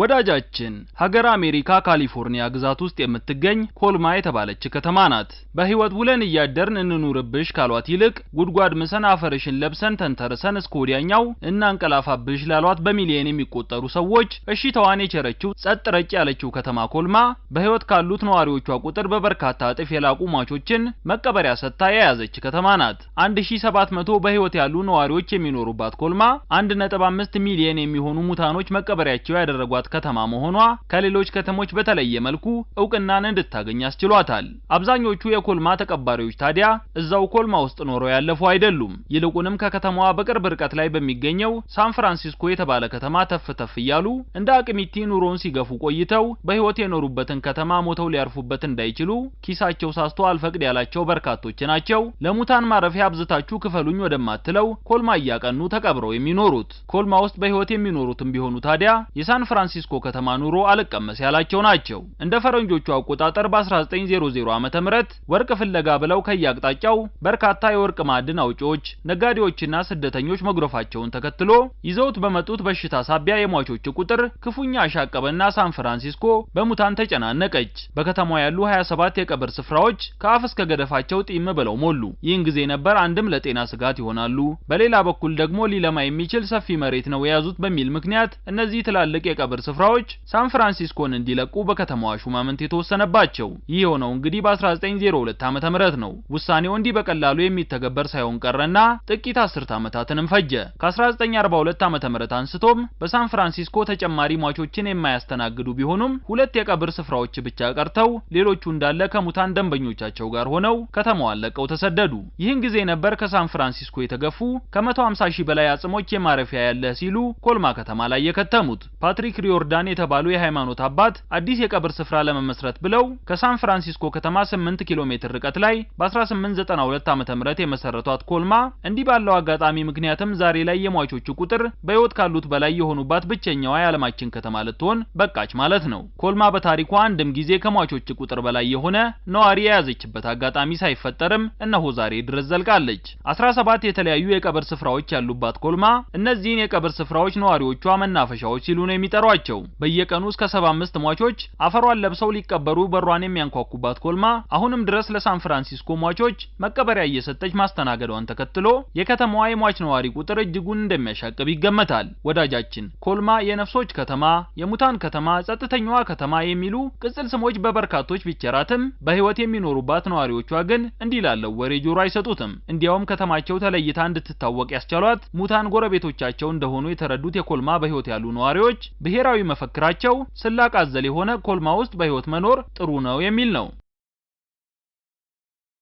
ወዳጃችን ሀገር አሜሪካ ካሊፎርኒያ ግዛት ውስጥ የምትገኝ ኮልማ የተባለች ከተማ ናት። በህይወት ውለን እያደርን እንኑርብሽ ካሏት ይልቅ ጉድጓድ ምሰን አፈርሽን ለብሰን ተንተርሰን እስከ ወዲያኛው እናንቀላፋብሽ ላሏት በሚሊየን የሚቆጠሩ ሰዎች እሺታዋን የቸረችው ጸጥ ረጭ ያለችው ከተማ ኮልማ በህይወት ካሉት ነዋሪዎቿ ቁጥር በበርካታ እጥፍ የላቁ ሟቾችን መቀበሪያ ሰጥታ የያዘች ከተማ ናት። 1700 በህይወት ያሉ ነዋሪዎች የሚኖሩባት ኮልማ 1.5 ሚሊየን የሚሆኑ ሙታኖች መቀበሪያቸው ያደረጓት የምትሰጥ ከተማ መሆኗ ከሌሎች ከተሞች በተለየ መልኩ እውቅናን እንድታገኝ አስችሏታል። አብዛኞቹ የኮልማ ተቀባሪዎች ታዲያ እዛው ኮልማ ውስጥ ኖረው ያለፉ አይደሉም። ይልቁንም ከከተማዋ በቅርብ ርቀት ላይ በሚገኘው ሳን ፍራንሲስኮ የተባለ ከተማ ተፍ ተፍ እያሉ እንደ አቅሚቲ ኑሮን ሲገፉ ቆይተው በህይወት የኖሩበትን ከተማ ሞተው ሊያርፉበት እንዳይችሉ ኪሳቸው ሳስቶ አልፈቅድ ያላቸው በርካቶች ናቸው ለሙታን ማረፊያ አብዝታችሁ ክፈሉኝ ወደማትለው ኮልማ እያቀኑ ተቀብረው የሚኖሩት። ኮልማ ውስጥ በህይወት የሚኖሩትም ቢሆኑ ታዲያ የሳን ፍራንሲስኮ ፍራንሲስኮ ከተማ ኑሮ አልቀመስ ያላቸው ናቸው። እንደ ፈረንጆቹ አቆጣጠር በ1900 ዓመተ ምህረት ወርቅ ፍለጋ ብለው ከያቅጣጫው በርካታ የወርቅ ማዕድን አውጪዎች፣ ነጋዴዎችና ስደተኞች መጉረፋቸውን ተከትሎ ይዘውት በመጡት በሽታ ሳቢያ የሟቾች ቁጥር ክፉኛ አሻቀበና ሳን ፍራንሲስኮ በሙታን ተጨናነቀች። በከተማዋ ያሉ 27 የቀብር ስፍራዎች ከአፍ እስከ ገደፋቸው ጢም ብለው ሞሉ። ይህን ጊዜ ነበር አንድም ለጤና ስጋት ይሆናሉ፣ በሌላ በኩል ደግሞ ሊለማ የሚችል ሰፊ መሬት ነው የያዙት በሚል ምክንያት እነዚህ ትላልቅ የቀብር የመቃብር ስፍራዎች ሳን ፍራንሲስኮን እንዲለቁ በከተማዋ ሹማምንት የተወሰነባቸው። ይህ የሆነው እንግዲህ በ1902 ዓመተ ምህረት ነው። ውሳኔው እንዲህ በቀላሉ የሚተገበር ሳይሆን ቀረና ጥቂት አስርት ዓመታትንም ፈጀ። ከ1942 ዓመተ ምህረት አንስቶም በሳን ፍራንሲስኮ ተጨማሪ ሟቾችን የማያስተናግዱ ቢሆኑም ሁለት የቀብር ስፍራዎች ብቻ ቀርተው ሌሎቹ እንዳለ ከሙታን ደንበኞቻቸው ጋር ሆነው ከተማዋን ለቀው ተሰደዱ። ይህን ጊዜ ነበር ከሳን ፍራንሲስኮ የተገፉ ከ150 ሺህ በላይ አጽሞች የማረፊያ ያለ ሲሉ ኮልማ ከተማ ላይ የከተሙት ፓትሪክ ዮርዳን የተባሉ የሃይማኖት አባት አዲስ የቀብር ስፍራ ለመመስረት ብለው ከሳን ፍራንሲስኮ ከተማ 8 ኪሎ ሜትር ርቀት ላይ በ1892 ዓ.ም የመሰረቷት ኮልማ እንዲህ ባለው አጋጣሚ ምክንያትም ዛሬ ላይ የሟቾቹ ቁጥር በህይወት ካሉት በላይ የሆኑባት ብቸኛዋ የዓለማችን ከተማ ልትሆን በቃች ማለት ነው። ኮልማ በታሪኳ አንድም ጊዜ ከሟቾች ቁጥር በላይ የሆነ ነዋሪ የያዘችበት አጋጣሚ ሳይፈጠርም እነሆ ዛሬ ድረስ ዘልቃለች። 17 የተለያዩ የቀብር ስፍራዎች ያሉባት ኮልማ እነዚህን የቀብር ስፍራዎች ነዋሪዎቿ መናፈሻዎች ሲሉ ነው የሚጠሯቸው። ናቸው። በየቀኑ እስከ 75 ሟቾች አፈሯን ለብሰው ሊቀበሩ በሯን የሚያንኳኩባት ኮልማ አሁንም ድረስ ለሳን ፍራንሲስኮ ሟቾች መቀበሪያ እየሰጠች ማስተናገዷን ተከትሎ የከተማዋ የሟች ነዋሪ ቁጥር እጅጉን እንደሚያሻቅብ ይገመታል። ወዳጃችን ኮልማ የነፍሶች ከተማ፣ የሙታን ከተማ፣ ጸጥተኛዋ ከተማ የሚሉ ቅጽል ስሞች በበርካቶች ቢቸራትም በህይወት የሚኖሩባት ነዋሪዎቿ ግን እንዲህ ላለው ወሬ ጆሮ አይሰጡትም። እንዲያውም ከተማቸው ተለይታ እንድትታወቅ ያስቻሏት ሙታን ጎረቤቶቻቸው እንደሆኑ የተረዱት የኮልማ በህይወት ያሉ ነዋሪዎች ብሔር ብሔራዊ መፈክራቸው ስላቅ አዘል የሆነ ኮልማ ውስጥ በህይወት መኖር ጥሩ ነው የሚል ነው።